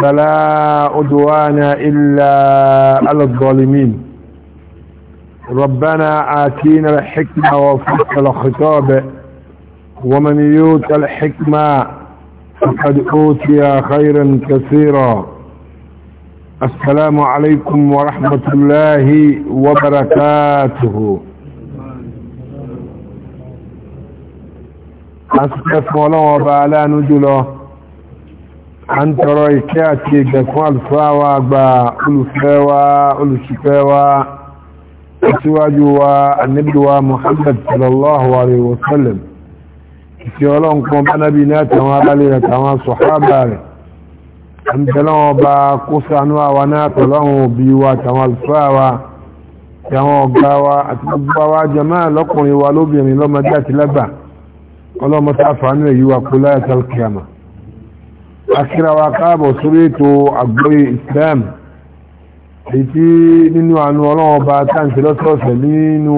فلا عدوان إلا على الظالمين ربنا آتينا الحكمة وفق الخطاب ومن يوت الحكمة فقد أوتي خيرا كثيرا السلام عليكم ورحمة الله وبركاته أسكت مولانا وبعلا نجله a ń tọrọ ìkẹ́ àti ìgbẹ̀ fún alùfáwà gba olùfẹ́wà olùsìfẹ́wà síwájú wa annabiwa muhammad sallallahu alaihi wasallam ìfẹ́ ọlọ́nkọ́ bánábi náà tàwọn alálẹ́ àtàwọn sọ̀hábà rẹ̀ ń tẹ́lọ́wọ́ bá kó sánú àwa náà tọ́lọ́wọ́ bí wa tàwọn alùfáwà tàwọn ọ̀gá wa àti gbogbo wa jàmáà lọ́kùnrin wa lóbìnrin lọ́mọdé àti lágbà ọlọ́mọ sáfà nínú èyí wa kó láyàtọ̀ kìámà akírawa káàbọ̀ sórí ètò àgbóyé Islam èyí tí nínú àánú ọlọ́wọ́ bá táǹtì lọ́sọ̀ọ̀sẹ̀ nínú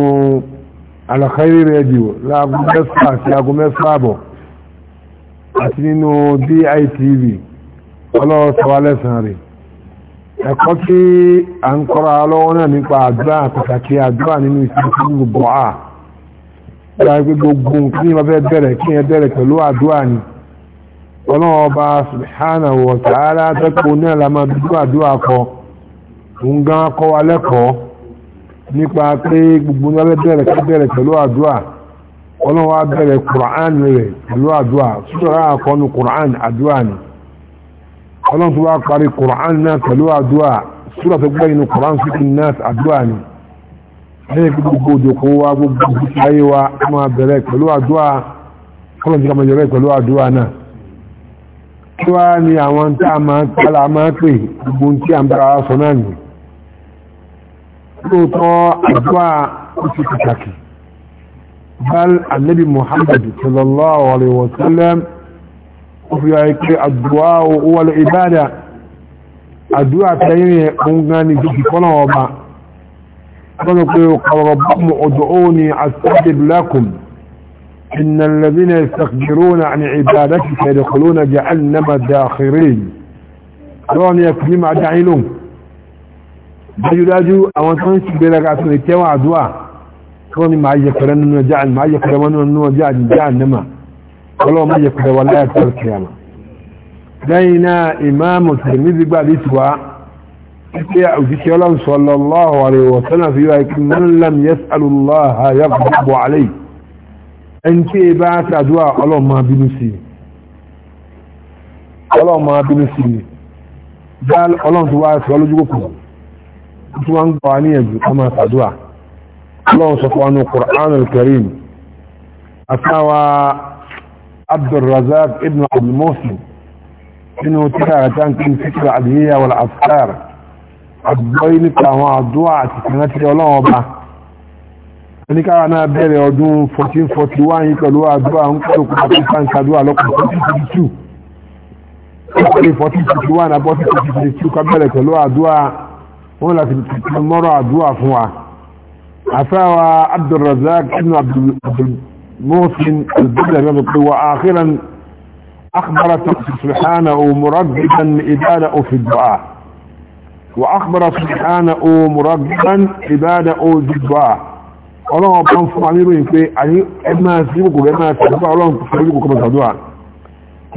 alakairi rẹ́díò láago mẹ́fà àti aago mẹ́fà àbọ̀ àti nínú DITV ọlọ́wọ́ sọwálẹ́sàn rẹ̀ ẹ̀kọ́ tí a ń kọ́ra lọ́wọ́ náà nípa àdúrà pàtàkì àdúrà nínú ìsinmi gbogbo àà gbogbo nǹkan ní ìwọ́n fẹ́ bẹ̀rẹ̀ kí ẹ bẹ̀rẹ̀ ni ọlọ́wọ́ bá subhanahu wa ta'ala tẹ́kọ̀ ní àlàmà dúdúwàdúwà kọ ń gán kọ́ wa lẹ́kọ̀ọ́ nípa pé gbogbo lọ́lẹ́ bẹ̀rẹ̀ kí bẹ̀rẹ̀ pẹ̀lú àdúà ọlọ́wọ́ bẹ̀rẹ̀ kùrán rẹ̀ pẹ̀lú àdúà sùtọ́rọ̀ àkọnu kùrán àdúà ni ọlọ́wọ́ tó wá parí kùrán náà pẹ̀lú àdúà sùtọ́rọ̀ tó gbẹ̀yìn ní kùrán sùtì náà àdúà ni lẹ́yìn kí gbogbo òjòkó wa gbogbo ayé wa máa bẹ̀rẹ̀ pẹ̀lú àdúà kọ́lọ̀ kí wá ní àwọn tí a máa tààlà máa pè gbogbo tí a ń bára wá sọ náà nì lóòtọ́ àdúrà ó ti pàtàkì bal annabi muhammad sallallahu alaihi wasallam ó fi wáyé pé àdúrà huwa al-ibada tẹ́yìn rẹ̀ òun gan ni إن الذين يستكبرون عن عبادتك يدخلون جهنم داخرين lọ́wọ́n ni ẹkùn ní máa dá ilóhùn dájúdájú àwọn tó ń sì bẹ̀rẹ̀ àti lè tẹ́wọ̀n àdúwà tó ní máa yẹ̀kẹ̀rẹ̀ nínú ọjá àmì máa yẹ̀kẹ̀rẹ̀ wọn nínú ọjá àmì já ànẹ́mà ọlọ́wọ́n máa yẹ̀kẹ̀rẹ̀ wọn láyà tó kìyàmà lẹ́yìn náà ìmáàmù tẹ̀mí gbígbà bí tiwa pé òjíṣẹ́ ọlọ́run sọ̀lọ́lọ́hùn àrẹ̀wọ̀ sọ́nà fi yọ ẹni tí ẹ bá ṣàdúrà ọlọ́run máa bínú sí i ọlọ́run máa bínú sí i bá ọlọ́run tó wá sí ọ lójú kòkòrò tí wọ́n ń gbà wá níyànjú ká máa ṣàdúrà ọlọ́run sọ fún wa ní Qur'anul Karim asáwa Abdulrazak ibn abdulmohsen inú tíra àtàǹkì fíkìrì àdìyẹ wal afkar àdúgbò yìí àwọn àdúrà àti kìnnà tí ọlọ́run ọba ní káwà náà bẹ̀rẹ̀ ọdún 1441 yìí pẹ̀lú àdúrà ń kọ́lùkù àpapọ̀ ń kàdúrà lọ́kùn 1452 ọkùnrin 1451 abọ́ 1452 kábẹ̀rẹ̀ pẹ̀lú àdúrà wọn láti mọ́rọ̀ àdúrà fún wa àfẹ́wà Abdulrazak ibn Abdulmohsin albidar yọ́n pé wa àkíran akbara subhana o murabbitan ibada o fi du'a wa akbara subhana o murabbitan ibada o fi du'a ọlọ́run ọba ń fún amíròyìn pé àní ẹgbẹ́ sí kòkòrò ẹgbẹ́ sí kòkòrò ọlọ́run fún kòkòrò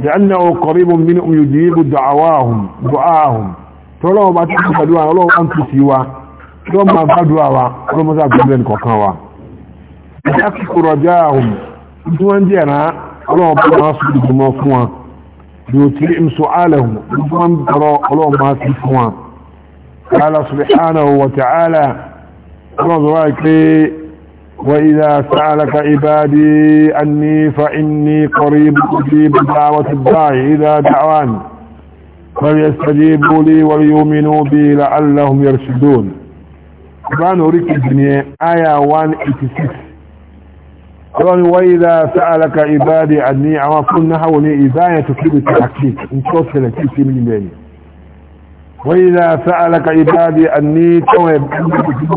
sàdúrà jẹ́ ẹni náà kọ̀rí bọ̀ mí ní yòjì ibù dọ̀áhùn tọ́lọ́run ọba tí kò sàdúrà ọlọ́run wá ń tù sí wa tí wọ́n máa gbàdúrà wa ọlọ́run mọ́sá gbàdúrà ní kọ̀ọ̀kan wa ẹ̀ka kòkòrò ọjà ahùn tí wọ́n jẹ́ ẹ̀rá ọlọ́run ọba máa sùn dùdù mọ́ fún wa yòtí ìmùsọ̀ àlẹ̀hùn tí wọ́n tọrọ ọlọ́run máa sì fún wa قال سبحانه وتعالى الله ذلك وإذا سألك عبادي أني فإني قريب أجيب دعوة الداعي إذا دعوان فليستجيبوا لي وليؤمنوا بي لعلهم يرشدون القرآن أريد الدنيا آية 186 قال وإذا سألك عبادي أني أما كنا حولي إذا يتكيب التحقيق إن شوف من بيني وإذا سألك عبادي أني توهب أنك تكيب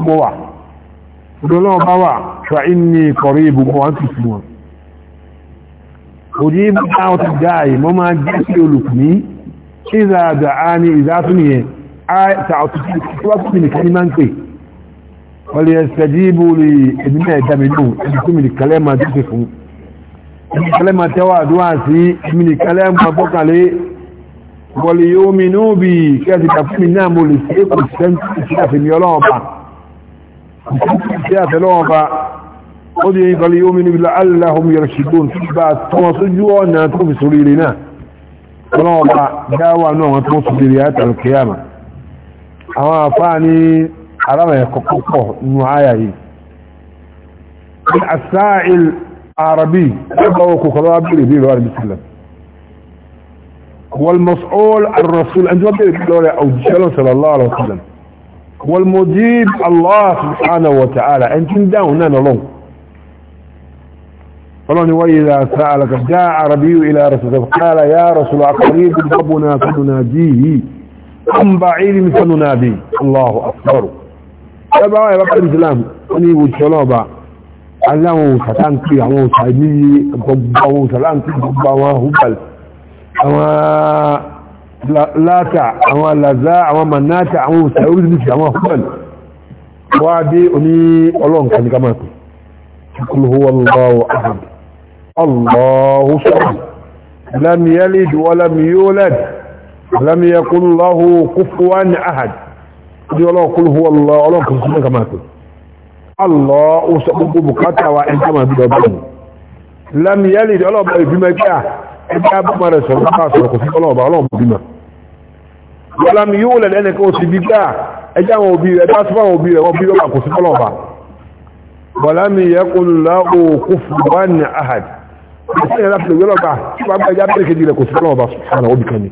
ọdọ́lọ́wọ́ bá wà fa'inni kọ̀rí ìbùgbọ́ wọn ti fi wọn òjí bá wọn ti dáàyè mọ́ máa jẹ́ sí olùkùnmí ìzà àdà á ní ìzátúnìyàn àìta ọ̀tún wọ́lẹ̀ ẹ̀sẹ̀dìbò lè ẹ̀dínlẹ̀ ìdámẹ́lú ẹ̀dínlẹ̀ kalẹ́mà tó ṣe yóò mi ní ó bí kẹ́ẹ̀sì kàfún mi náà mo lè ṣe é kò sẹ́ńtì ìṣẹ́ àfihàn ọlọ́ọ̀pàá tí a tẹ̀lé wọn bá ó di yìí pẹ̀lú yóò mi níbi aláhùn yarshidun tí bá tọ́wọ́ sójú ọ̀nà tó fi sórí rí náà ọlọ́wọ́ bá dáwà náà wọn tó fi rí àtàlù kìyàmà àwọn àfáà ní arábà ẹ̀kọ́ púpọ̀ nù áyà yìí asáìl arabi ẹgbà wọn kòkòrò abúlé bí lọ́wọ́ àdìsílẹ̀ والمسؤول الرسول عندما بيقول له أو جل صلى الله عليه وسلم والمجيب الله سبحانه وتعالى انت داون انا لون قالوني وإذا سألك جاء عربي إلى رسول قال يا رسول قريب ربنا فنناديه أم بعيد فنناديه الله أكبر تبع يا رب الإسلام أني وشلوبا والشلابة علموا ستانكي عمو سعيدي سلام سلانكي قبعوا هبل أما láta àwọn alàzá àwọn manáta àwọn òsà orílẹ̀-èdè àwọn ọ̀pọ̀lù wá dé oní ọlọ́nkà ní kamata kul huwa Allahu ahad Allahu samad lam yalid wa lam yulad lam yakun lahu kufuwan ahad ní ọlọ́kùn huwa ọlọ́nkà sí kamata Allahu sọ gbogbo bukata ẹgbẹ́ abúmọ̀ rẹ̀ sọ̀rọ̀ bá sọ̀rọ̀ kò sí ọlọ́ọ̀bá ọlọ́ọ̀bá bímọ wọ́lámi yóò lẹ̀ lẹ́nì kan oṣù gbígbà ẹjá àwọn òbí rẹ̀ dáṣọ́ àwọn òbí rẹ̀ wọ́n bí ọba kò sí ọlọ́ọ̀bá wọ́lámi yẹ́kùn láwò kó fùgbọ́n ahad ìṣẹ́ ìrẹ́lá fi lọ́wọ́ bá tí wọ́n bá ẹjá bẹ́ẹ̀ kejì rẹ̀ kò sí ọlọ́ọ̀bá sọ̀rọ̀ òbí kan ni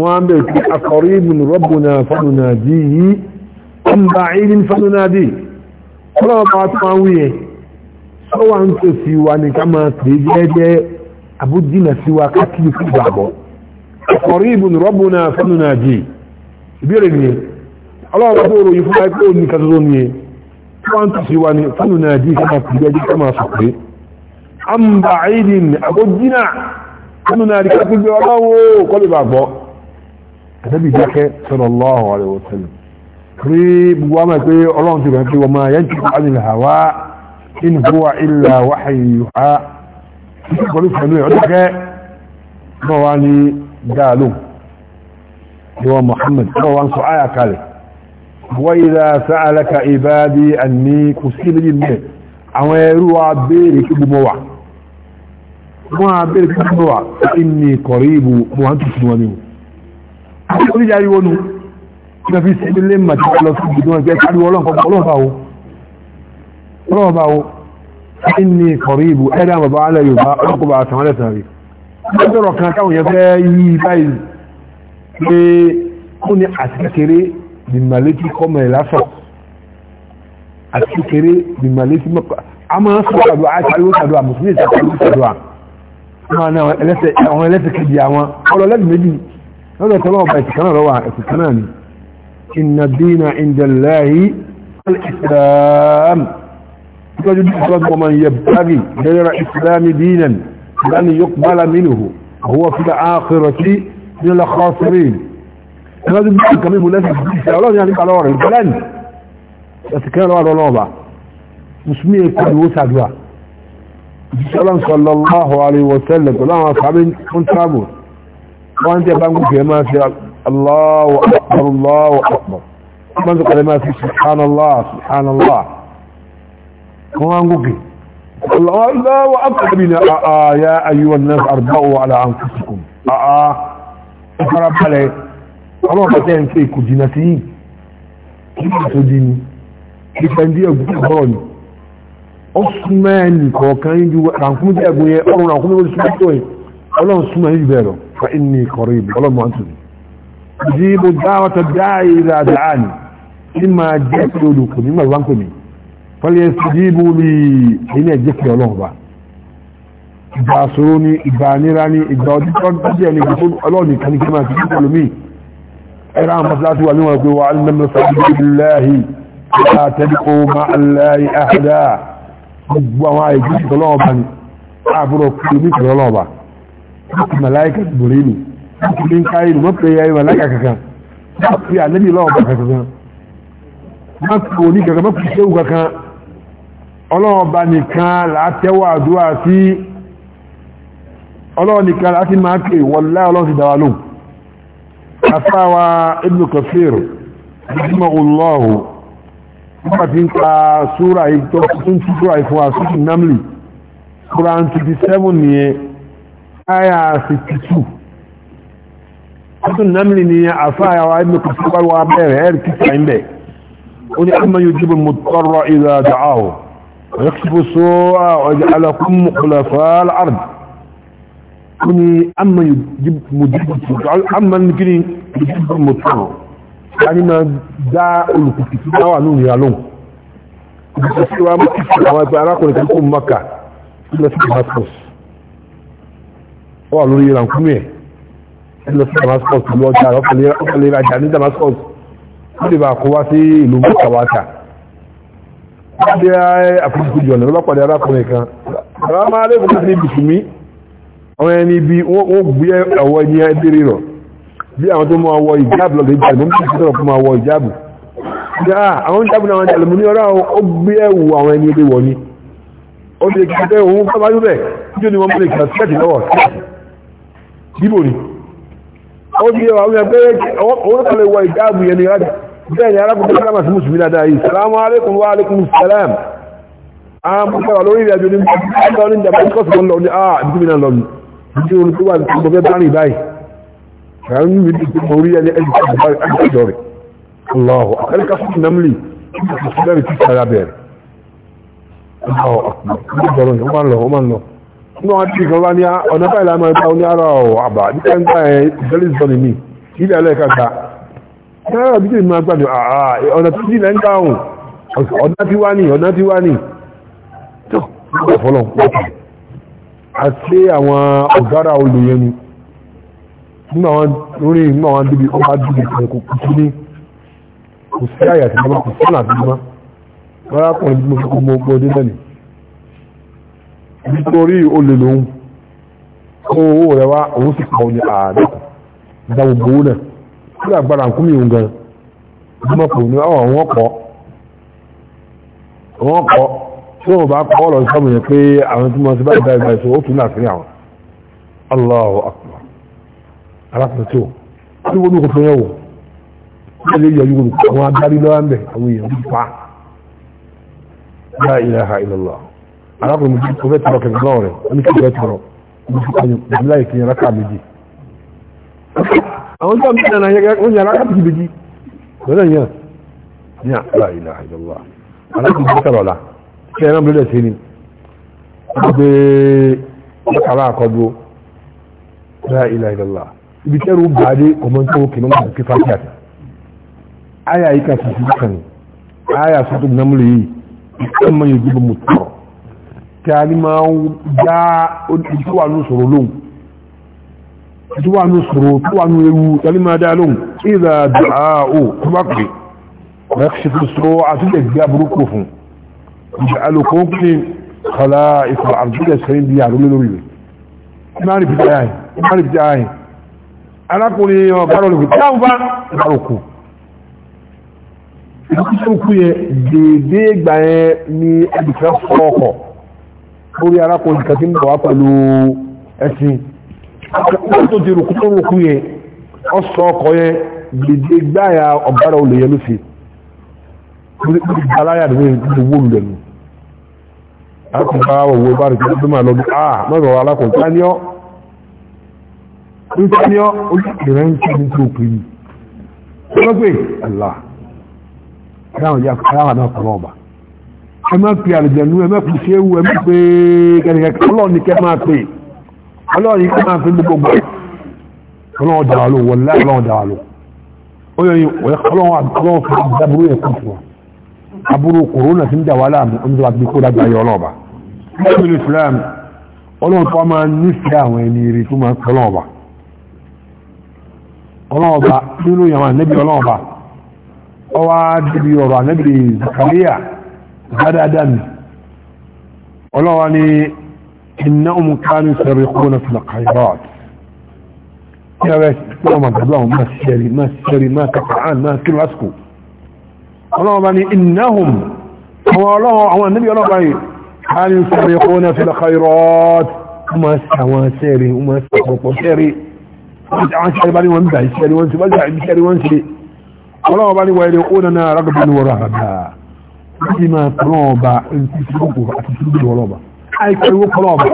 wọ́n á bẹ̀rẹ̀ pé akọ̀rí ibùn rọ́bùnà fọ́nùnà dì yìí ń bá ìrìn fọ́nùnà dì ọlọ́ọ̀bá tó máa wúyẹ sọ́wọ́n tó sì wà ní ká máa tẹ̀ jẹ́jẹ́ abu jina siwa kati gbàgbọ́ qaribun rabbuna fanunaji ìbéèrè ni ọlọ́run tó ròyìn fún ẹgbẹ́ òní kan tó ní wọ́n tó sí wa ní fanunaji kama kùgbẹ́ jí kama sọ̀pẹ́ an ba'idin abu jina fanunaji kati gbẹ́ ọlọ́wọ́ kọlu gbàgbọ́ àtẹ́bí dákẹ́ sallallahu alaihi wa sallam rí gbogbo àmà pé ọlọ́run ti rẹ̀ pé wọ́n máa yẹn ti kọ́ títí pẹ̀lú pẹ̀lú ẹ̀ ọdún kẹ́ bọ́ wá ní dáàlù ìwọ Muhammad bọ́ wá ń sọ áyà kalẹ̀ wọ́n ìlà sáàlẹ́ka ìbáàdì àní kò sí méjì mẹ́ àwọn ẹrú wa béèrè kí gbogbo wà wọ́n á béèrè kí gbogbo wà ìní kọ̀rí ìbò mọ̀ hàn tuntun wọn ni o àwọn oníjàrí wọnú kí wọ́n fi sẹ́mi lé màtí lọ sí ìdúnwọ̀n ẹgbẹ́ kárí ọlọ́nkọ́ inni kọ̀ríbù ẹ̀dà bàbá alẹ́ yorùbá ọkùnbà àtàwọn ẹ̀tàrí lọ́dọ̀rọ̀ kan káwọn yẹn fẹ́ yí báyìí pé ó ní àti kékeré bìmàlétí kọ́mọ̀ ẹ̀ lásọ̀ àti kékeré bìmàlétí mọ́kà a máa ń sọ àdúrà àtàríwó sàdúrà mùsùlùmí ìsàkàríwó sàdúrà àwọn ẹlẹ́sẹ̀ kejì àwọn ọlọ́ lẹ́bì méjì lọ́dọ̀ tọ́lọ́ ọba ìsìnkánà lọ́wọ́ ìsìnkánà يقول الإسلام ومن يبتغي غير الإسلام دينا لن يقبل منه هو في الآخرة من الخاسرين هذا بيقول كمان ملازم الله يعني قال ورا الكلام بس كان ورا لوبا مسميه كان وسعدوا السلام صلى الله عليه وسلم ولا اصحابين انتابوا وانت بانكو في ما في الله اكبر الله اكبر من قال ما في سبحان الله سبحان الله وانقوكي الله لا وأكبر من يا أيها الناس أربعوا على أنفسكم أقرب عليه الله قتين في كجنتي كيف تديني كيف عندي أقراني أصماني كوكاين جو رانكم دي أقوية أرون رانكم دي أقوية الله أصماني جباله فإني قريب الله ما أنتم أجيب الدعوة الداعي إذا دعاني إما جاءت لكم إما رانكم fọlẹ́ ṣíjíbù ní ilé ẹ̀jẹ̀ pé ọlọ́run bá ìgbà àṣòro ní ìgbà nira ní ìgbà ọdún tó jẹ́ ní ìgbà ọlọ́run nìkan ní kí máa ti kíkọ́ lómi ẹ̀rọ àwọn mọ́sálásí wà níwọ̀n pé wà á nẹ́mọ́ sọ́jú ọlọ́ọ̀ba nìkan látẹ́wà àdúwà sí ọlọ́ọ̀nìkan láti máa pè wọlá ọlọ́ọ̀sì dáwà lóhùn afáwa Ibn Kathir rahimahullahu nígbà tí ń pa súra ìjọ tún tí súra ìfún àsúkù namli Quran 27 nìyẹn aya 62 ọdún namli ni afáwa Ibn Kathir wà bẹ̀rẹ̀ ẹ̀rì kíkà ń bẹ̀ ó ní amma yujibu al-mudtarra idha da'ahu ويكسب السوء ويجعلكم خلفاء الأرض كني أما يجيب مجيب أما نكني يجيب المطر يعني ما داء الكتاب وعنون يالون بسيوا مكتب وما يتعرقون كنكم مكة إلا سيما تقص وعنون يلان كمية إلا سيما تقص الوجه وقال لي راجعني دمسقص كل بقواتي لمكة واتا pàdé àfihàn jọ̀nà lọ́pàá pàdé arákùnrin kan àwọn máa lè fún ní bìtùmí àwọn ẹni bí wọ́n gbé ọwọ́ ẹni ẹdírí rọ̀ bí àwọn tó máa wọ ìjáàbù lọ́gbẹ̀ ìjáàbù mọ́ bí sọ̀rọ̀ fún máa wọ ìjáàbù àwọn ìjáàbù náà jẹ́ lọ́mọ ní ọ̀rọ̀ ó gbé ẹ̀wù àwọn ẹni ẹdí wọ̀ ni ó lè kí ẹ òun bá bájú bẹ̀ níjọ́ kí bẹ́ẹ̀ni arákùnrin sálámà sí mùsùlùmí dáadáa yìí salamu alaikum wa alaikum salam àwọn mọ́sára lórí ìrìn àjò ní ọjọ́ ní ìjàmbá ìkọ́sì wọn lọ ní àà ah, ìdíkùnmí náà lọ ní ìdí orin tó wà ní ọgbẹ́ bárìn báyìí ṣàrán ní ìdí tó mọ̀ orí ẹni ẹni tó bá àjọ rẹ̀ allahu akẹ́ríkà fún nàmlì ìgbà tó bẹ̀rẹ̀ tí sara bẹ̀rẹ̀ allahu akẹ́ríkà ó máa ń lọ ó máa ń lọ nínú àwọn tí kan wá ní ọ̀nà báyìí lámọ́ ẹ̀ta ó ní ara ọ̀ àbá nípa ẹ̀ta ẹ̀ ìbẹ̀lẹ̀ ìzọ́ni mi ilẹ̀ ẹlẹ́ẹ̀kẹta náà bí tèmi máa gbàdùn àà ọ̀nà tó jìnà ń dáhùn ọ̀nà tí wá ní ọ̀nà tí wá ní tó gbà fọ́lọ̀ pọ̀tù àti àwọn ọ̀gára olùyẹn ni nígbà wọn lórí nígbà wọn débi ọba débi kan kò kú ní kò sí àyà tí wọn kò sí ọ̀nà àti mọ́ rárá kan ní mo fi kó mo gbọ́ dé nítorí olè lòun owó rẹ òun sì kàn ní ààrẹ dáwọ́ náà kúrò agbára nkúmi òun gan ọmọkùnrin ní ọ̀ wọ́n kọ́ wọ́n kọ́ tí wọ́n bá kọ́ ọ̀rọ̀ sọ́mù yẹn pé àwọn tí wọ́n ti báyìí báyìí báyìí ó tún àwọn tí ní kò lè yọ àwọn adarí lọ́wọ́ ń bẹ̀ àwọn èèyàn ń tí fẹ́ tọrọ kẹ̀kẹ́ rẹ̀ ní fẹ́ tọrọ àwọn tó àmì ìdáná wọ́n yàrá kápìtì méjì lọ́dọ̀ yẹn ní àlá ilá ìjọba aláàbò tó sọ̀rọ̀ la ṣe ẹran bílẹ̀ sí ni wọ́n gbé ọkàlá àkọ́dúró lá ilá ìjọba ibi tẹ́rù gbàdé ọmọ tó kì ní wọ́n kí fáfíà tẹ̀ áyà yìí kan tuntun kan ni áyà sọ́tò nàmúlẹ̀ yìí ìkọ́ mọ́ yóò gbé mọ́ tọ̀ kí a ní máa ń dá ìtúwà lóṣòro lóhùn tó wà ní ṣòro tó wà ní ewu tẹ́límádálùm ìdá dùáò tó bá pè rẹ́kṣìtì ṣòro àti ìgbà burúkú fún ìjà alùkọ́kùnrin kọlá ìfà àbúrẹ̀ sẹ́yìn bí àrùn lórí rẹ̀ ìmárì bí dáyà ìmárì bí dáyà alákùnrin ọ̀bárọ̀ lè fi táwọn bá ìbárokù ìdókítọ́kù yẹ dèédé ìgbà yẹn ni ẹbìkan fọ́ lórí arákùnrin kàtí ń bọ̀ wá pẹ̀lú ẹ̀sìn wọ́n tó di rùkú tó rùkú yẹn ọ sọ ọkọ̀ yẹn gbèdé gbáyà ọ̀bára olè yẹn ló fi gbàláyà ló fi wó lulẹ̀ nù láti bá òwò bá rẹ̀ tó máa lọ bí ah mọ́tò alákùn táníọ́ táníọ́ olùkìrẹ́ ń kí ní tó kiri wọ́n pè àlá káwọn ya káwọn náà kọ́ ọ̀bà ẹ má pe àlùjẹ̀nu ẹ má pe ṣéwu ẹ má pe kẹ́nìkẹ́ ọlọ́ọ̀ni kẹ́ máa pè é ọlọ́rin kí máa fi gbogbo ọlọ́run dára ló wọlé ọlọ́run dára ló ó yẹ ọlọ́run ọlọ́run fi dábúrú yẹn kún fún wa aburú kòrónà ti ń dà wà láàmú oúnjẹ wa ti kó dájú ayé ọlọ́ọ̀ba ọlọ́run islam ọlọ́run tó máa nífẹ̀ẹ́ àwọn ẹni rí tó máa ń pẹ́ ọlọ́ọ̀ba ọlọ́ọ̀ba nínú yàrá nẹ́bí ọlọ́ọ̀ba ọwá dìbì ọ̀rọ̀ nẹ́bí Zakaria dáadáa mi ọlọ́wà ni إنهم كانوا يسرقون في القيرات يا بس اللهم اللهم ما سيري ما سيري ما كفعان ما كل عسكو اللهم يعني إنهم هو الله هو النبي الله قال كانوا يسرقون في الخيرات وما سوا سيري وما سرقوا سري وعن سيري بالي وانبه سيري وانسي بالي بسري وانسي اللهم يعني ويلقوننا رغبا ورهبا بما قلوبا انتسرقوا فأتسرقوا ولوبا àìkẹrìwó kọlọ ọba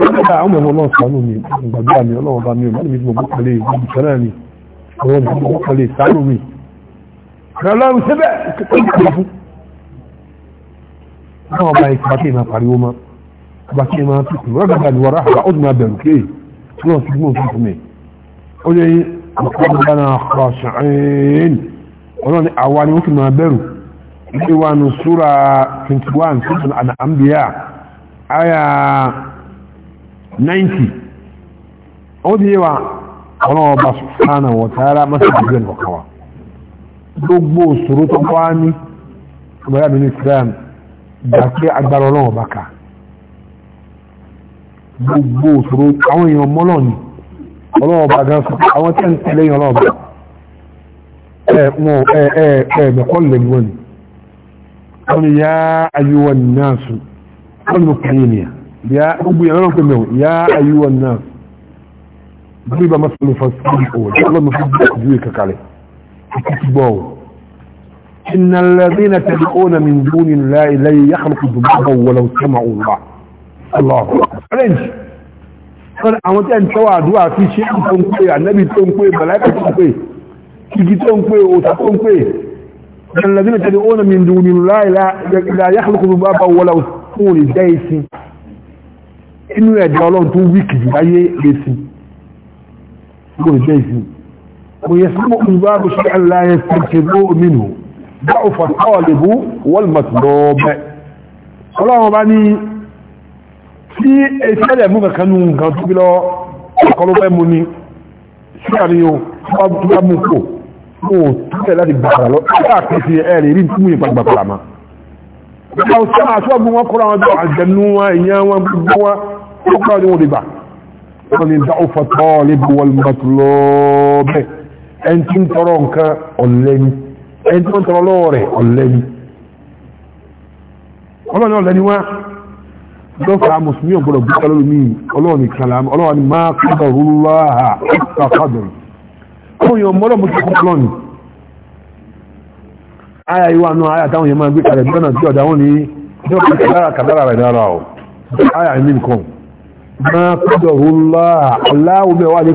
nígbà àwọn ọmọ náà sànú mi gbàdúrà mi ọlọ́wọ́ bá mi ò má níbi tí mo gbọ́kànlé ìgbàdì sẹ́rẹ̀ mi àwọn ọmọ mi gbọ́kànlé sànú mi ọlọ́run síbẹ̀ kọ́kọ́ fún náà ọba ìkọ́ kí ìmọ̀ pariwo mọ́ ọba kí ìmọ̀ tutù rọ́gàdà ni wọ́n ráhà ó mi ó lè yí àkọ́kọ́ bá náà نيوان سورة 21 سورة الأنبياء آية 90 أوديوا الله سبحانه وتعالى مسجد وقوا gbogbo òṣòro tó wá ní ọmọdé àmì islam dàpé agbára ọlọ́run ọba ká gbogbo òṣòro àwọn èèyàn mọ́lọ̀ ni ọlọ́run ọba gan sọ àwọn tẹ́ ń tẹ́lẹ̀ yẹn ọlọ́run ọba ẹ̀ ẹ̀ ẹ̀ ẹ̀ mẹ́kọ́ lẹ́gbọ́n ni قال يا أيها الناس قال مكعين يا أبو يا أيها الناس ضرب مثل فاستمعوا الله مفيد جويك عليه اكتبوا إن الذين تدعون من دون الله لن يخلقوا ذبابا ولو سمعوا الله الله أكبر قال àwọn tí a ń tọ́wà àdúwà fi ṣe ń tó ń pè ànẹ́bì tó ń pè bàláìkà tó ń pè kìkì tó ń pè òsà tó ń pè الذين تدعون من دون الله لا لا يخلقوا ذبابا ولا طول دايس inú ẹ̀dẹ̀ ọlọ́run tó wíkì jù láyé lèsì kò jẹ́ ìsìn kò yẹ símọ̀ ìbáàbù ṣe aláyẹ sẹ́kẹ̀bó mínú bá o fàtàwà lèbú wọ́lmọ̀tìlọ́ọ̀bẹ̀ ọlọ́run bá ní tí ẹ̀sẹ̀lẹ̀ mú kankanú nǹkan tó bí lọ ọkọlọ́bẹ̀ mú ní sí àríyàn mo tẹ́lẹ̀ láti gbàgbà lọ nígbà àkẹ́sí ẹ̀rì rí fún ìpa gbàgbà ma nígbà òṣìṣẹ́ àṣọ́gbù wọn kọ́ra wọn jọ àjẹnú wọn ìyá wọn gbogbo wọn ó kọ́ ní wọn lè gbà wọn ni dá òfò tọ́ lébi wọn mọ́tò lọ bẹ́ẹ̀ ẹn tí ń tọrọ nǹkan ọ̀lẹ́ni ẹn tí wọ́n tọrọ lọ́wọ́ ọ̀lẹ́ni ọlọ́ni ọ̀lẹ́ni wá lọ́fà mùsùlùmí ọ̀gbọ̀dọ̀ gbọ́dọ̀ lómi ọlọ́ni kàlámù ọlọ́ni má kọ́dọ̀ rúlọ́hà ẹ̀ka kọ́dọ̀rù kún yóò mọ́rọ̀ mú kíkún lọ́nì ayà ìwà náà ayà táwọn yẹn máa gbé kalẹ̀ lọ́nà tí ọ̀dá wọn ní ìjọba kàdára kàdára rẹ̀ dára ọ̀ ayà ní nǹkan máa kọ́dọ̀ rúláà aláwọ̀ bẹ́ẹ̀ wà ní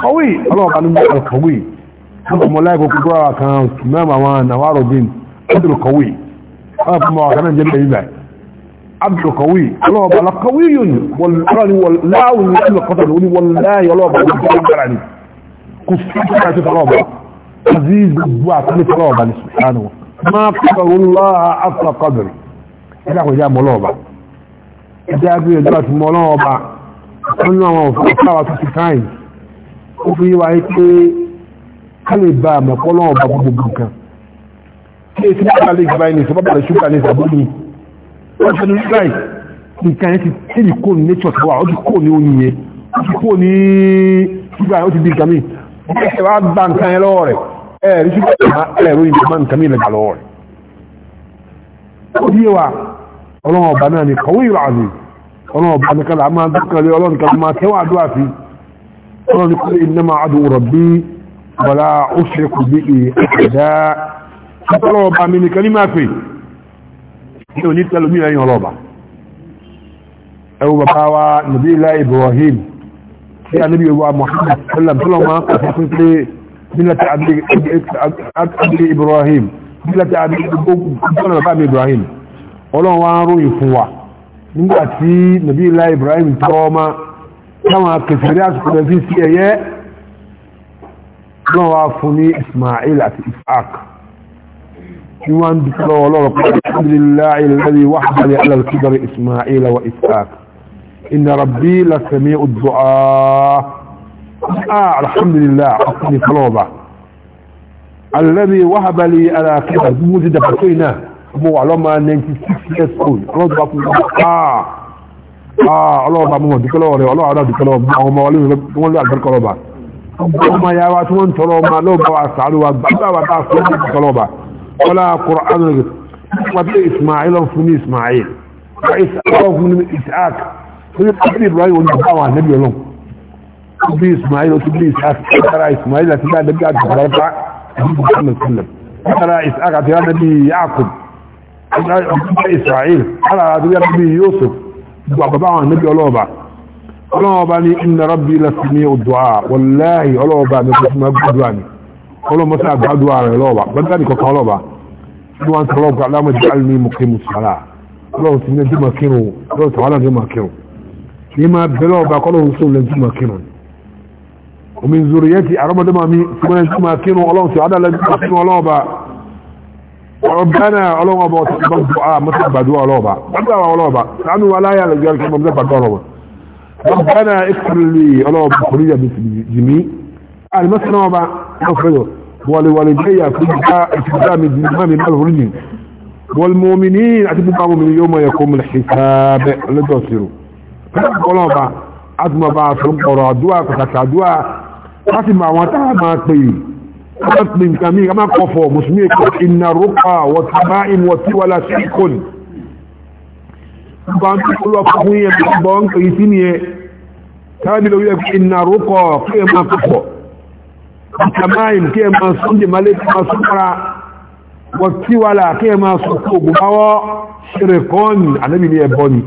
kọ̀wé ọlọ́ọ̀bá ní alkọ̀wé ọmọláìkò púpọ̀ kan mẹ́mà wọn nàwárò dín abdulkọ̀wé ọlọ́ọ̀bá kan náà jẹ́ bẹ̀rẹ̀ ibẹ̀ abdulkọ̀wé ọlọ́ọ̀bá alkọ̀wé yóò ní láwùn ní alkọ̀tà ní wọláyé ọlọ́ọ̀bá kò sí ọlọ́ọ̀bá aziz gbogbo àtúnlẹ̀ ọlọ́ọ̀bá ní sùkánù máa kọ́kọ́ wọláhà afrọ̀kọ́bìrì ẹ̀dá kò já mọ́ ọlọ́ọ̀bá ẹ̀dá bí ẹjọ́ àti mọ́ ọlọ́ọ̀bá àwọn òfin káwà tó ti káyìí ó fi wáyé pé ká lè bá àmọ́ pọ́lọ́ ọba gbogbo kan kí èsì bá lè gba ẹni ìsọ́bàbà rẹ̀ ṣúgbà ní ìsàbóyí wọ́n ṣe ní láì nǹkan yẹn ti tẹ́lì kó ní nature tó wà ó ti kó ní oyin yẹn ó ti kó ní ṣúgbà ó ti di nǹkan mi ẹ̀ṣẹ̀ wá gba nǹkan yẹn lọ́wọ́ rẹ̀ ẹ̀rí ṣúgbà tó máa ẹ̀rọ yìí máa nǹkan mi lẹ̀ gbà lọ́wọ́ rẹ̀ ó di wa ọlọ́run ọba náà ni kọ̀wé ìrọ̀ àzì ọlọ́run ọba nìkan là máa dúkọ̀ lé ọlọ́run kan máa tẹ́wọ́ àdúrà sí i ọ̀rọ̀ ní kúrò iná máa adùn rọ̀bí bọ̀lá ó ṣe kù bí i ẹ̀dá ọ̀pọ̀lọ̀ ọba mi nìkan ní máa pè ní òní tẹ́lómí ẹ̀yìn ọlọ́ọ̀bà ẹwọ bàbá wa nàbí ilá Ibrahim tí a níbi wa Muhammad sallam tó lọ́wọ́ kàfẹ́ fún pé mílẹ̀tẹ̀ abdé Ibrahim mílẹ̀tẹ̀ abdé bàbá mi Ibrahim ọlọ́wọ́ wa ń ròyìn fún wa nígbà tí nàbí ilá Ibrahim tọ́ máa كما كثيرات قدسيس كي نوافني اسماعيل اتي اسعاق كيوان بكلو الحمد لله الذي وحد على الكبر اسماعيل واسعاق ان ربي لسميع الدعاء اه الحمد لله عطني فلوضة الذي وهب لي على كبر بمودي دفتينه ابو علماء 96 سكول رضبط الله Ah, ọlọ́ọ̀bá mọ̀ dúkọ́lọ́wọ̀ rẹ̀ ọlọ́ọ̀dá dúkọ́lọ́wọ̀ àwọn ọmọ ọlọ́ọ̀rẹ́ wọ́n lé àgbẹ́kọ́lọ́bà ọmọ ya wa tí wọ́n ń tọrọ ọmọ lọ́ọ̀bá wa sàárù wa gbàgbà wa tá a fún ọmọ dúkọ́lọ́bà ọlá kùránù rẹ̀ wọ́n tẹ́ ismail fún ní ismail wọ́n isaac fún ní isaac wọ́n ní pàtàkì ibrahim wọn bá wà nẹ́bí ọlọ́n wọ́n bí ismail yaakub kára israel kára àti yusuf gbàgbà àwọn níbi ọlọ́ọ̀bà ọlọ́ọ̀bà ní inna rabbi lásìmí ọdọ́à wallahi ọlọ́ọ̀bà ní kò súnmọ́ gbàdúrà ní ọlọ́mọsá gbàdúrà rẹ̀ lọ́ọ̀bà gbàdúrà ní kọ̀kan ọlọ́ọ̀bà ní wọ́n tọrọ gbà lámọ̀dé alìní mukimu sàrà ọlọ́run ti ní dìmọ̀ kírun ọlọ́run tàwọn àdé mà kírun ní máa bẹ̀rẹ̀ ọba kọ́lọ́run sóòlù ní dìmọ̀ kírun omi zuriyati àrọ́mọdé mami tí wọ́n ربنا اللهم ابو تقبل دعاء مثل بدعاء لوبا بدعاء لوبا لانه ولا يلقى الكلمه مثل بدعاء لوبا ربنا اغفر لي اللهم بخلي جميع المسلم وبا اغفر ولوالدي كلها اتقام الامام الفرجي والمؤمنين اتقام من يوم يقوم الحساب لدوسروا اللهم با اتما با فرم قرا دعاء كتا دعاء حسب ما وانت ما تقي من كمين كما قفوا مسميك إن الرقى والتبائن والتولى شيخ بانك كل وفقوية بانك يسيني تابي لو يقول إن الرقى كما قفوا والتبائن كما صند ملك ما سكرا والتولى كما سكو بموا شركون النبي لي بني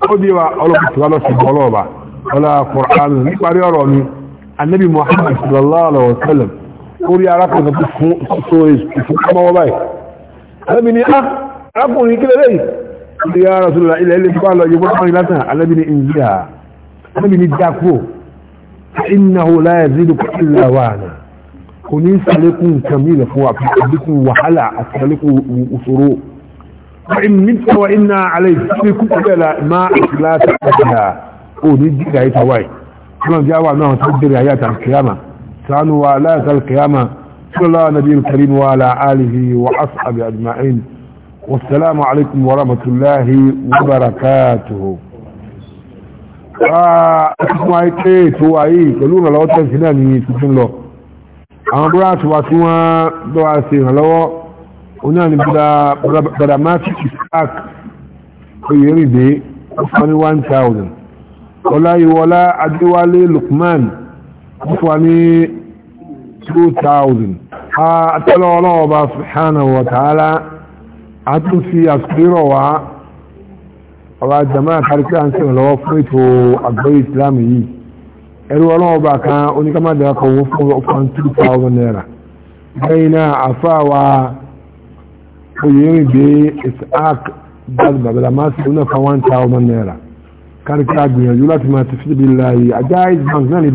قدوا أولوك تغلق الظلوبة ولا قرآن نقرأ النبي محمد صلى الله عليه وسلم orí arákùnrin tó fún so ìfúnkámọ́wọ́ báyìí alẹ́bí ni ah, arákùnrin kílẹ̀ lẹ́yìn ilé ara sọ́lọ́lá ilẹ̀ ilé fún àlọ́ yìí wọ́n látàn alẹ́bí ni ìyá alẹ́bí ni dákò innahu la yaziduka illa wahana kò ní sàlékún nǹkan mí lẹ̀ fún wa àbíkún wàhálà سبحانه وعلى القيامة صلى الله على نبي الكريم وعلى آله وأصحابه أجمعين والسلام عليكم ورحمة الله وبركاته ẹ̀sùn àìpé ètò ayé pẹ̀lú ìrànlọ́wọ́ tẹ́sí náà ní tuntun lọ àwọn búrásù wa tí wọ́n lọ́wọ́ ṣe ìrànlọ́wọ́ oní àni bradamatic isaac oyèrìndé fún 1000 ọláyíwọlá adéwálé lukman fún wa ní 2000 àtẹ́lọ ọlọ́ọ̀bá subhanahu wa ta'ala a tún fi àṣírọ̀ wá ọba jama'a karfi an sí ìrànlọ́wọ́ fún ètò àgbóyé islam yìí ẹrú ọlọ́ọ̀bá kan oníkàmàdà kan wọ́n fún ọkàn 2000 naira bẹ́yìnà 1000 naira karfi agbìyànjú láti máa ti fi bí láàyè a jaiz bank náà ni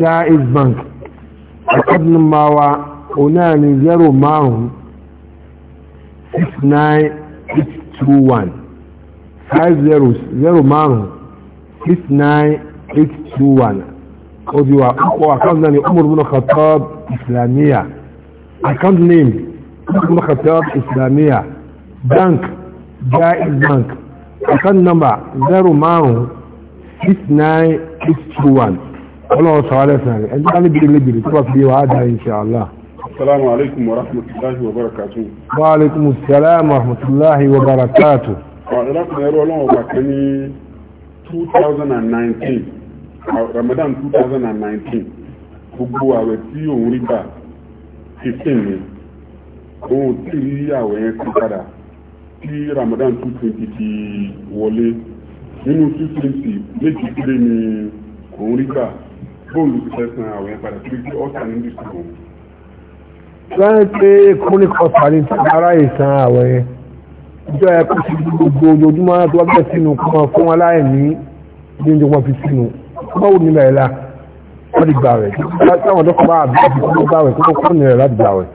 jaiz bank ọ̀kọ́dún máa wa òun náà ni zero márùn-ún 69821 50 0 márùn-ún 69821 ọdí wa ọkọ̀ account náà ni Umar bin Khattab account name Umar bin Khattab Islamiyya bank Jaiz bank account number 0 márùn-ún one ọlọ́run sọ alẹ́ sàrẹ̀ ẹjọ́ ká níbi ilé gbèrè tó bá fi yé wa á dá insha Allah. asalaamu alaykum wa rahmatulahi wa barakatu. wa alaykum salaam wa rahmatulahi wa barakatu. ọ̀rẹ́dàkùnrin ẹ̀rọ ọlọ́run ọba kan ní two thousand and nineteen ramadan two thousand òun tí rí àwẹ̀ yẹn kan padà tí ramadan two ti wọlé nínú two méjì péré ni òun rí gbà bóòlù ti fẹ́ san àwẹ̀ padà sí pé ọ̀sà ní ìdíkù wọn. láì pé chronic ulcer ní ara ìsan àwẹ̀ yẹn ìjọ ẹ̀ kó ti gbogbo ojoojúmọ́ tó wá bẹ́ẹ̀ sínú kó máa fún aláìní ní oúnjẹ wọn fi sínú báwo ni ìlà ìlà wọ́n ti gbà rẹ̀ táwọn dọ́kọ̀ bá àbí àti kókó gbà rẹ̀ kókó kúrò nílẹ̀ láti gbà rẹ̀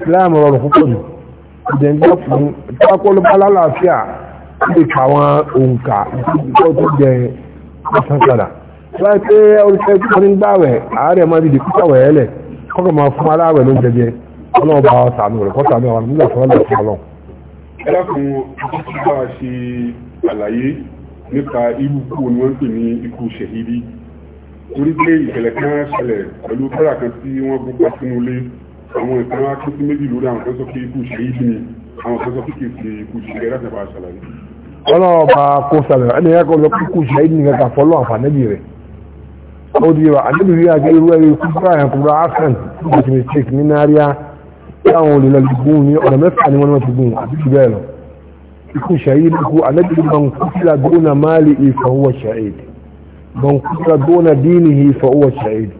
Islam rọrùn púpọ̀ jù ìdẹ̀ǹgbà fún pápọ́lọ́ bá lálàáfíà lè kà àwọn òǹkà tó jẹ ọ̀sán padà láì pé oríṣẹ́ ìpínlẹ̀ ní gbáwẹ̀ ààrẹ máa dìde kúkàwẹ̀ ẹlẹ̀ kọ́kọ̀ máa fún aláwẹ̀ ló ń jẹjẹ ọlọ́wọ́ bá sàánú rẹ̀ kọ́ sàánú àwọn nípa irú ni wọ́n ń pè ní ikú ṣèhídí torí pé ìṣẹ̀lẹ̀ kan ṣẹlẹ̀ pẹ̀lú fẹ́rà kan tí wọ́n bú pa sínú ilé àwọn ìpín wa kí sí méjì lórí àwọn kan sọ pé ikú ṣèhídí ni àwọn kan sọ pé kìí ikú ṣèhídí ẹlẹ́kùn bá a ó di wa àdébì rí àgbé irú ẹ̀rí kúrò àyàn kúrò áfẹ́n nígbà tí mistake ní náríà táwọn olùlọ gùn ní ọ̀nà mẹ́fà ni wọ́n ti gùn àti jù bẹ́ẹ̀ lọ ikú ṣayid kú àdébì man kutila duna malihi fa huwa ṣayid man kutila duna dinihi fa huwa ṣayid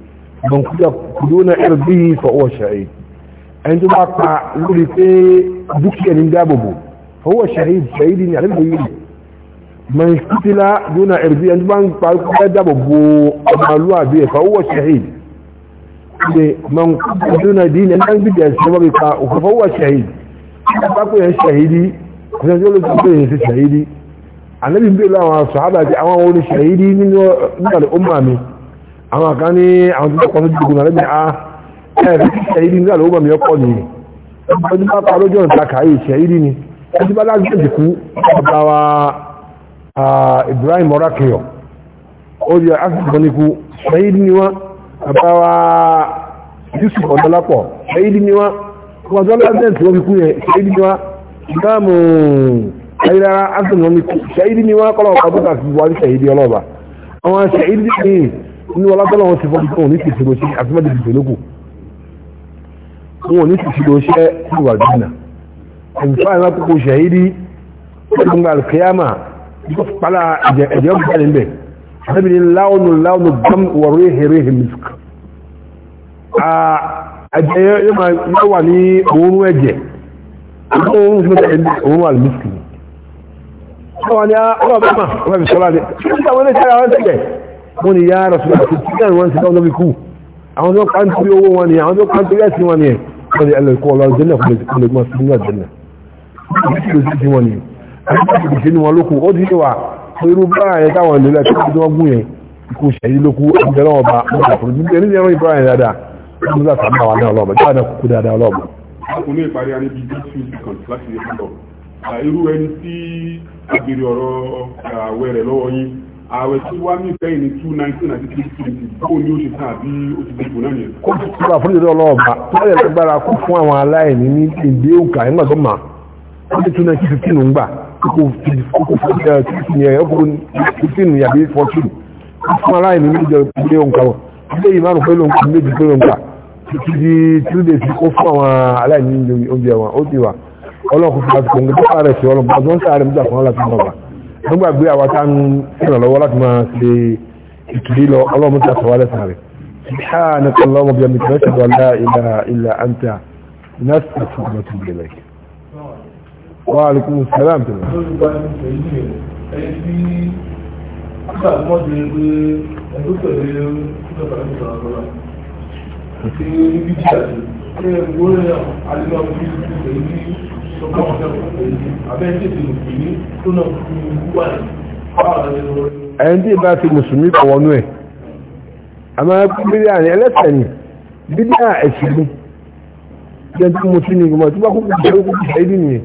man kutila duna irdihi fa huwa ṣayid ẹni tó bá pa lórí pé dúkìá ní dáàbòbò fa ṣayid ṣayid ni àdébì yìí من قتل دون ارضي اجبان فقد ابو امالوا به فهو شهيد من قتل دون دين ان بدي السبب فهو شهيد باكو شهيدي كان يقول لك شهيدي النبي بيقول له الصحابه دي اما هو شهيدي من من الامه مي اما كان عند قصد يقول النبي اه شهيدي قال هو ما يقول لي ọdún bá pa lójú ọ̀nà takàáyé ṣẹ̀yí ní ọdún bá Ah, ibrahim oracle ó di afirka níku ṣayid ni wọ́n àbáwá yusuf ọ̀dọ́lápọ̀ ṣayid ni wọ́n ọjọ́ lásẹ̀ntì wọ́n fi kú yẹn ṣayid ni wọ́n ìdáàmù ayélujára afirka níku ṣayid ni wọ́n kọ́lọ̀ ọ̀pá bọ́ta fi wáyé ṣayid ọlọ́ọ̀bà àwọn ṣayid ni inú ọlọ́tọ́lọ́ wọn ti fọ́ nípa òní ti ṣèlò ṣe àfimọ́dé ti ṣèlókù wọn ò ní ti ṣèlò ṣe ìwà dùnà ẹ̀mí fáwọn akókò ṣayid pala ẹ̀jẹ̀ ọ̀gbà ní bẹ̀ àtẹ́bí ní láwọnù láwọnù gam wà réhe réhe misk ẹ̀jẹ̀ yóò wà ní òórùn ẹ̀jẹ̀ òórùn fún ẹ̀jẹ̀ òórùn almisk ni wọ́n ni ọlọ́ọ̀bá mà wọ́n fi sọ́lá ní ṣíkà wọ́n lè ṣe àwọn ṣẹ̀gbẹ̀ wọ́n ni yára sọ́lá àti ṣíkà wọ́n ti lọ́nà àwọn tó kàn tí owó wọn ni àwọn tó kàn tí ẹ̀sìn wọn ni ẹ̀ wọ́n ni ẹlẹ́kọ̀ọ́ lọ́jọ́ náà fún ẹ̀jẹ̀ kọ́lẹ́gbọ́n sí ní àjẹ́ náà ìṣẹ́nu wọn lókun ó díṣẹ́ wà irú báyẹ̀ táwọn ìlúlẹ̀ tó ti wọ́n gún yẹn ikú ṣẹ̀yí lókú ìjẹ́rọ ọba ọba fún mi ní ẹ̀rọ ìbáyẹ̀ dáadáa wọ́n mú sàmà wà náà lọ́ọ̀bà jáde kúkú dáadáa lọ́ọ̀bà. ọkùnrin ìparí a níbi bíi two seconds láti lè lọ irú ẹni tí agbèrè ọ̀rọ̀ ààwẹ̀ rẹ̀ lọ́wọ́ yín ààwẹ̀ tí wá ní ìfẹ́ ní two nineteen àti two twenty bóò ni ó ṣe tán àbí ó ti dìbò náà nìyẹn. kó tó bá fún ìdílé ọlọ́ọ̀bà tó yẹ lágbára kó fún àwọn aláìní ní ìdí òǹkà nígbà tó mà á ti two nineteen fifteen ń gbà kókò fifteen yẹn ọkùnrin fifteen yàbí fourteen fún aláìní méjì pé òun kà wọ ilé yìí márùn pẹ̀lú òun méjì pé òun kà títí di two days kó fún àwọn aláìní oúnjẹ wọn ó ti wà ọlọ́kùn fún àti kòǹgẹ́ tó bá rẹ̀ sí ọlọ́mọ àti wọ́n sáré nígbà fún aláàtúmọ̀ wà سبحانك اللهم وبحمدك نشهد ان لا اله الا انت نستغفرك ونتوب اليك wa alaikum salam tẹ̀lé. lórí wa ní ìṣẹ̀lẹ̀ ẹni tí nígbà tó wọ́n di pé ẹni tó tẹ̀lé ìjọba ní ìjọba àgbọ̀lá ti ní bíbí àti ṣé ẹgbẹ́ orí àdínà bí ìṣẹ̀lẹ̀ ní sọ́kọ́ àwọn akẹ́kọ̀ọ́ pẹ̀lú abẹ́ tètè òkèlè tó náà fi wúwà ní ẹni tí ìbá ti mùsùlùmí kọ̀ wọnú ẹ̀ àmọ́ bíbí àní ẹlẹ́sẹ̀ ni bíbí à ẹ̀sìn ni jẹ́ tí mo ti ní ìgbìmọ̀ tí wọ́n kúkú ìṣẹ́ kúkú ìṣẹ́ ìdí nìyẹn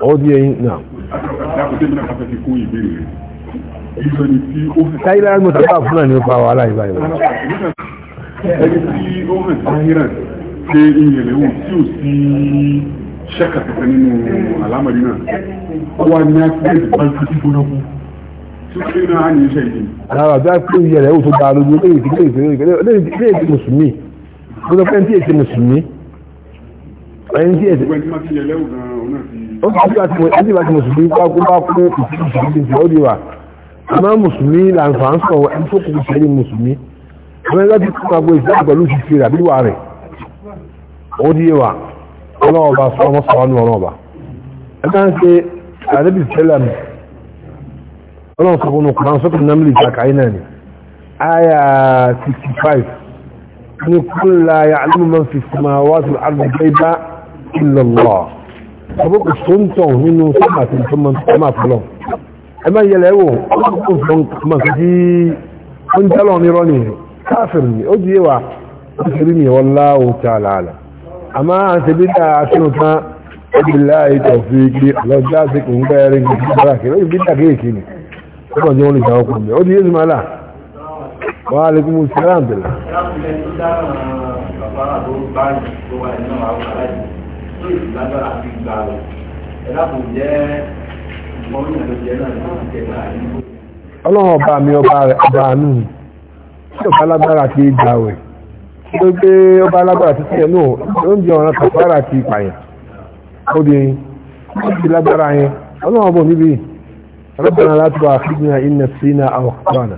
ó di ẹyin náà. táyé lára mọ̀ tàbí àfúnà ní ipa wàhálà ìgbà ìgbà. ẹni tí ó hàn sáhírà ṣe ìyẹn lẹ́wọ̀n tí ò sí ṣẹ́kà kẹta nínú àlámọ̀rí náà ó wà ní accident báńkì tí gbóná kú tí ó náà á ní iṣẹ́ yìí. àwọn àti àpò ìyẹn lẹ́wọ̀n tó dáa lójú lẹ́yìn tí lẹ́yìn tí lẹ́yìn tí lẹ́yìn tí mùsùlùmí gbọ́dọ̀ pé ní tí èsì mùsùlùmí. ẹni tí èsì. ìwé ẹni tí wọ́n ti yẹ lẹ́wọ̀n gan-an òun ti ó ti gbà tí ẹni láti mùsùlùmí pákó bá kó ìsìnkú ìsìnkú ó di wà àmọ́ mùsùlùmí là ń fà ń sọ̀rọ̀ ẹni tó kù sí ẹni mùsùlùmí àmọ́ ẹni láti kó àgbo ìsìnkú pẹ̀lú ṣíṣe rẹ̀ àbí wà rẹ̀ ó di wà ọlọ́ọ̀ba sọ́mọ́ sọ́wọ́nù ọlọ́ọ̀ba ẹ bá ń ṣe àdébì sẹ́lẹ̀m ọlọ́ọ̀ sọ́kùn nù kùrán sọ́kùn námìlì ìjàkàyé náà ni ọgbọ́n kò tó ń tàn nínú sábà tó ń tó máa fọlọ́ ẹ máa yẹlẹ wò ó ń fọn kọ́mà kò tí ó ń jálọ̀ nírọ́ ni káfíìn ni ó di wa ó ti rí mi wallahu ta'ala àmọ́ àti bí dáa aṣọ́nù tán ẹgbẹ̀láì tọ̀fí gbé lọ́jọ́ àsìkò ń bẹ́ẹ̀rẹ̀ ní ìgbàlá kìí lóyìn bí dàgé èkì ni ọkọ̀ jẹ́ wọn lè dáwọ́ kùnmí ó di yézu máa là á lè mú sí ráǹdìlá tó ìgbàgbára fi gbà rẹ̀ ẹ̀dá kò jẹ́ ìmọ̀lúyàn ló jẹ́ náà ló jẹ́ náà yìí. ọlọ́run ọba mi ọba rẹ̀ ọba àánú tí ọba alágbára ti gbà rẹ̀ tó gbé ọba alágbára títí ẹ̀ náà oúnjẹ ọ̀ràn kàfàrà ti pààyàn obìnrin ó ti lágbára yẹn ọlọ́run ọbọ̀ níbi ربنا لا تؤاخذنا إن نسينا أو أخطأنا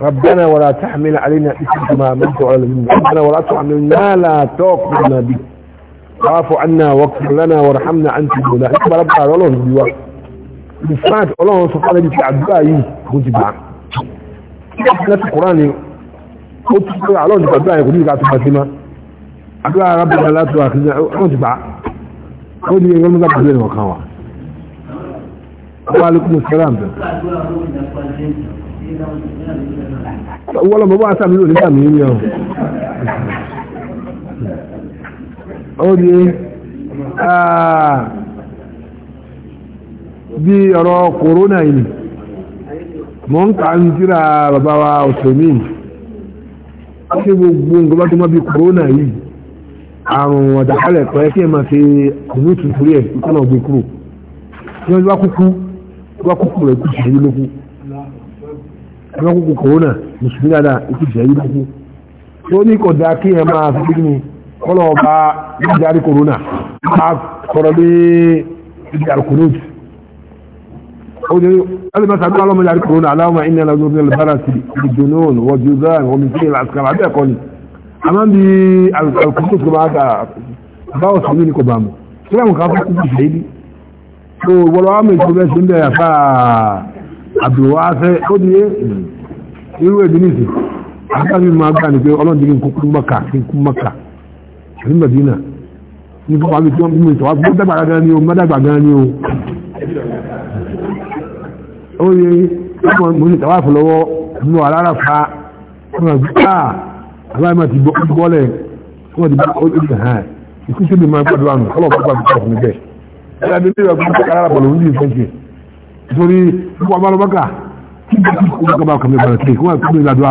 ربنا ولا تحمل علينا إثم ما منت على ربنا ولا تحملنا لا تؤاخذنا به واعف عنا واغفر لنا وارحمنا انت مولانا انت رب العالمين بيوا بفات الله سبحانه وتعالى بيعدي كنت بع في القران قلت على الله بيعدي يقول لك اتفاتما ادعى ربنا لا تؤاخذنا كنت بع قول لي يوم ذاك بين وقوا وعليكم السلام ولا ما بعث عملوا لي يوم orí bí ọ̀rọ̀ corona yìí mọ́ ń kàá ń jíra bàbá wa òtòmí ṣe gbogbo nǹkan bá tó mọ́ bí corona yìí àrùn ọ̀dàkálẹ̀ pẹ́ kí ẹ máa fi ọ̀rún tuntun rí ẹ̀ kí náà gbé kúrò tí wọ́n bá kúkú bá kúkú rẹ̀ kú ṣe yí lókú bá kúkú corona mùsùlùmí dáadáa kú ṣe yí lókú tó ní kọ̀dá kí ẹ máa fi kí ni kọ́lọ̀ ọba ìjárí corona a kọ̀rọ̀ lé ìjárí corona ó ní ẹlẹ́mẹ́ta tó lọ́mọ ìjárí corona aláwọ̀ iná lọ́jọ́ ní alibara ti ìdùnnún wọ́jú zan wọ́n ti ní àṣìkàrà àti ẹ̀kọ́ ni àmọ́ bí alukóso tó máa ta báwo sọ ní kò bá mu tí wọ́n kà fún kúkú ṣe ibi mi máa gbà ní pé ọlọ́dún kúkú mọ́kà kúkú mọ́kà ní Madina ní fún wàá bí tí wọ́n bí mi tọ́ wá fún dàgbà gan ni o mọ́dàgbà gan ni o ó yẹ ọmọ mo ní tàwa fún lọ́wọ́ nínú alára fa ọmọ gbà aláìmọ̀ ti bọ́lẹ̀ ọmọ ti bá ó ti hàn ikú sí mi máa gbàdúrà nù kọ́lọ̀ bá gbàdúrà fún mi bẹ́ẹ̀ ẹ̀rọ adé ní ìwà gbàdúrà alára bọ̀lọ̀ ní ìfẹ́ǹsì nítorí fún ọmọ alọ́bàkà kí n bá kí kó gbàgbà kan mi bàrẹ̀ kí wọ́n kí mi ládùá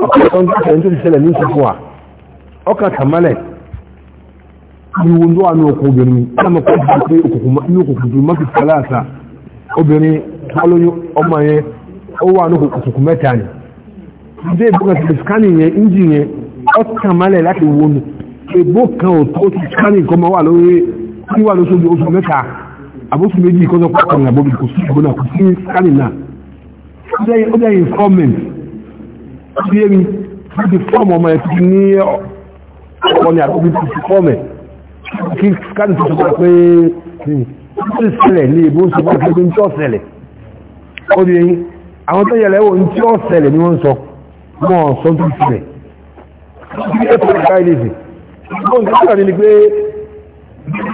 ọ̀pọ̀lọpọ̀ tó ṣẹlẹ̀ tó ti ṣẹlẹ̀ ní ìṣẹ́fún wa ọkà kàmálẹ̀ ìwò ń dọ́wà ní ọkọ̀ obìnrin ọmọ kọ́ ti pé ní òkùnkùn tó má fi kàlá àṣà obìnrin tálóyún ọmọ yẹn ó wà ní òkùnkùn mẹ́ta ni ìdé ìbúkà ti skani yẹn injì yẹn ọ kàmálẹ̀ láti wo ni ègbó kan ò tó ti skani nǹkan máa wà lórí tí wà lóṣooṣù oṣù mẹ́ta àbóṣù méjì kọ́ńtọ́ pàtàkì àbóbi kò sí ìgbóná kò sí skani náà ó dẹ́yìn fọ́ọ̀mẹ̀ntì ti yé mi wọ́n ti fọ́ọ̀mù ọmọ ẹ̀ ti ní ọkọ ní àkókò ti fọ́ọ̀mù ẹ̀ kí káàdì tó sọ pé ó ti ṣẹlẹ̀ ní ìbò sọ fún akẹ́kọ̀ọ́ ní tí ó ṣẹlẹ̀ ó di eyín àwọn tó yẹlẹ̀ wò ní tí ó ṣẹlẹ̀ ni wọ́n sọ wọ́n sọ tó ṣẹlẹ̀ kí ẹ fọ́ọ̀mù káyé lè sè ó ń kí káàdì ni pé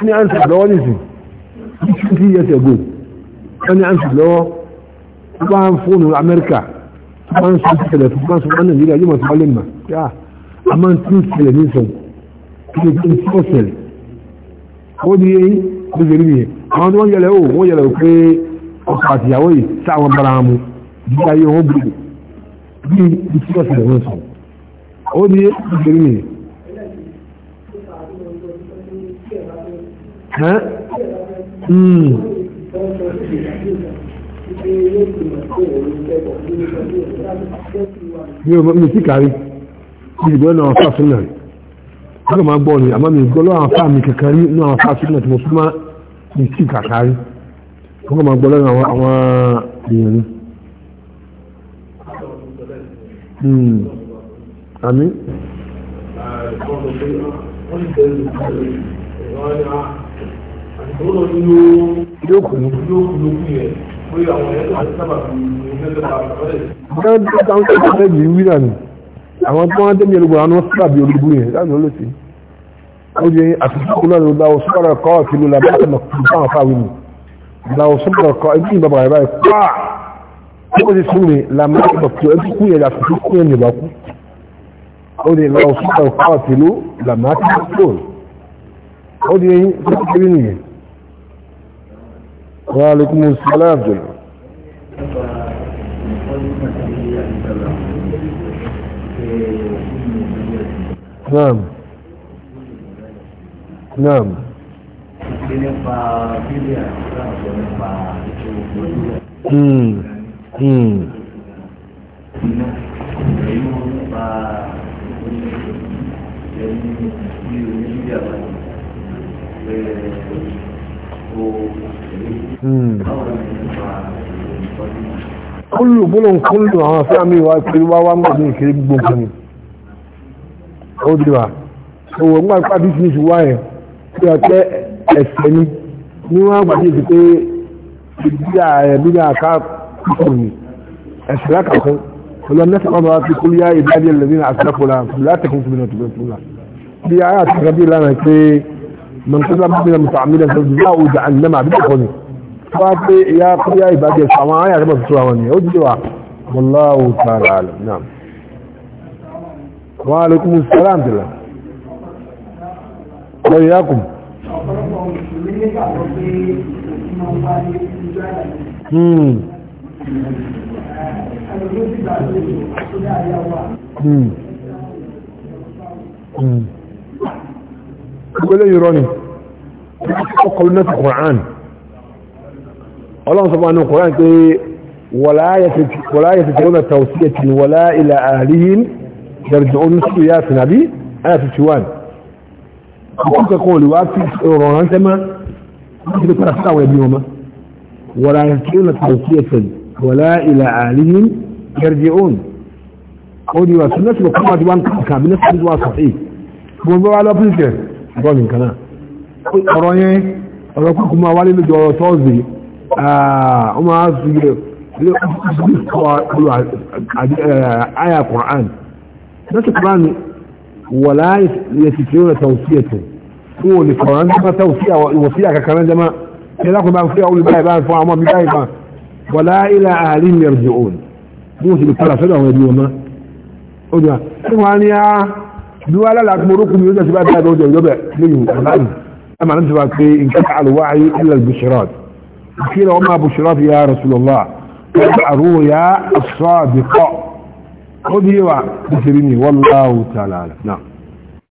ní àǹsà lọ́wọ́ nìsín twenty years ago wọ́n ní àǹsà lọ́wọ́ wọ́n á fóònù Amẹ́ríkà máa ń sọ ìṣẹ̀lẹ̀ tó máa ń sọ wọn nàìjíríà yóò máa sọ wọn lè mà yá a máa ń tún ìṣẹ̀lẹ̀ ní sọ kí lè tún sọ ìṣẹ̀lẹ̀ ó di yé kó lè rí yẹn àwọn tó wọ́n yẹlẹ̀ ó wọ́n yẹlẹ̀ pé ọkọ̀ àtìyàwó yìí sáwọn bara mu bí ayé wọn bùrù bí ìṣẹ̀lẹ̀ ìṣẹ̀lẹ̀ wọn sọ ó di yé kó lè rí yẹn mi ò mi ti kárí ìdìbò náà fà sílẹ̀ nígbà máa gbọ́ ni àmọ́ mi gbọ́ lọ́wọ́ àwọn fáàmì kankan rí náà fà sílẹ̀ tí mo súnmọ́ mi ti kàkárí nígbà máa gbọ́ lọ́wọ́ àwọn èèyàn ni. Hmm. àmì. yóò kùnú àwọn tó wọ́n tẹ́lẹ̀ olùgbò àwọn sábàbí olùgbò yẹn láti lọ lọ́sí ó di àtúntò lọ́dọ̀ láwọ̀ sọ́rọ̀ kọ́ ìlú làbẹ́sẹ̀ mọ̀kànlá fáwí mi láwọ̀ sọ́rọ̀ kọ́ ẹbí ìbàbà rẹ̀ báyìí pàà tí ó ti sún mi làmọ́sẹ̀ mọ̀kànlá ẹbí kú yẹn àtúntò kú yẹn nìbà kú ó di láwọ̀ sọ́rọ̀ kọ́ ìlú làmọ́sẹ̀ mọ̀kànlá ó di وعليكم السلام جميعا نعم نعم امم امم Thank you kúlù gbólóhùn kúlù àwọn fẹ́mi wa kiri wá wá mọ̀ kiri ìkiri gbogbo ni ó di wa òwò ńgbà pàdé tí ìṣù wáyé tí a pẹ́ ẹ̀sẹ̀ ni ní wọ́n àgbà tí pé ìdí àbí ní àká kúkú ni ẹ̀sẹ̀ lákàtún pẹ̀lú ẹ̀mẹ́sẹ̀ máa bá fi kúlù yá ìdí adé lẹ́yìn àṣẹ fúnra láti kún fún mi náà tó bẹ́ẹ̀ fúnra bí a yà àti من قبل ما كذا مؤمنا متعمدا فجزاء جهنم بالخزي فاطي يا يا عبادي السماء يا رب السماواني وجوا والله تعالى عالم نعم وعليكم السلام الله وياكم امم امم gbogbo yìí rọ́ni ọkọ̀lù náà kùrán ọlọ́run sọpọ̀ àwọn kùrán pé wàlá yẹ ti tẹ́lọ́nà tàwùsíyà ti wàlá ilẹ̀ àríyìn dẹ̀rẹ̀dẹ̀ oní sí ya fi nàbí ayà 51 ọkọ̀ kan olùwà fi rọrọ̀ ránṣẹ́ má wọ́n ti pẹ́ra sáwọn ẹbí wọn má wàlá yẹ ti tẹ́lọ́nà tàwùsíyà bọ́ọ̀lù nǹkan náà ọ̀rọ̀ yẹn ọ̀rọ̀ kúkú máa wálé lójú ọ̀rọ̀ tọ́ọ̀sì ọ máa fi ilé ọ̀sùn kọ́ àyà Qur'an lọ́sẹ̀ Qur'an wà láì lè ti fi rẹ̀ tàwùsí ẹ̀tẹ̀ fún òní kọ̀ọ̀rọ̀ ń dábàá tàwùsí ìwọ̀sí àkàkàrẹ́ ń dábàá ṣe lákùnrin bá ń fi àwọn olùbáyìí bá ń duk ala la kuma rukun yau da su ba ta da wajen yau da liyu al'adu amma nan ba ce in kasa alwahi illa al-bishirat kila wa ma bishirat ya rasulullah kada aru ya as-sadiqa kodiwa bisirni wallahu ta'ala na'am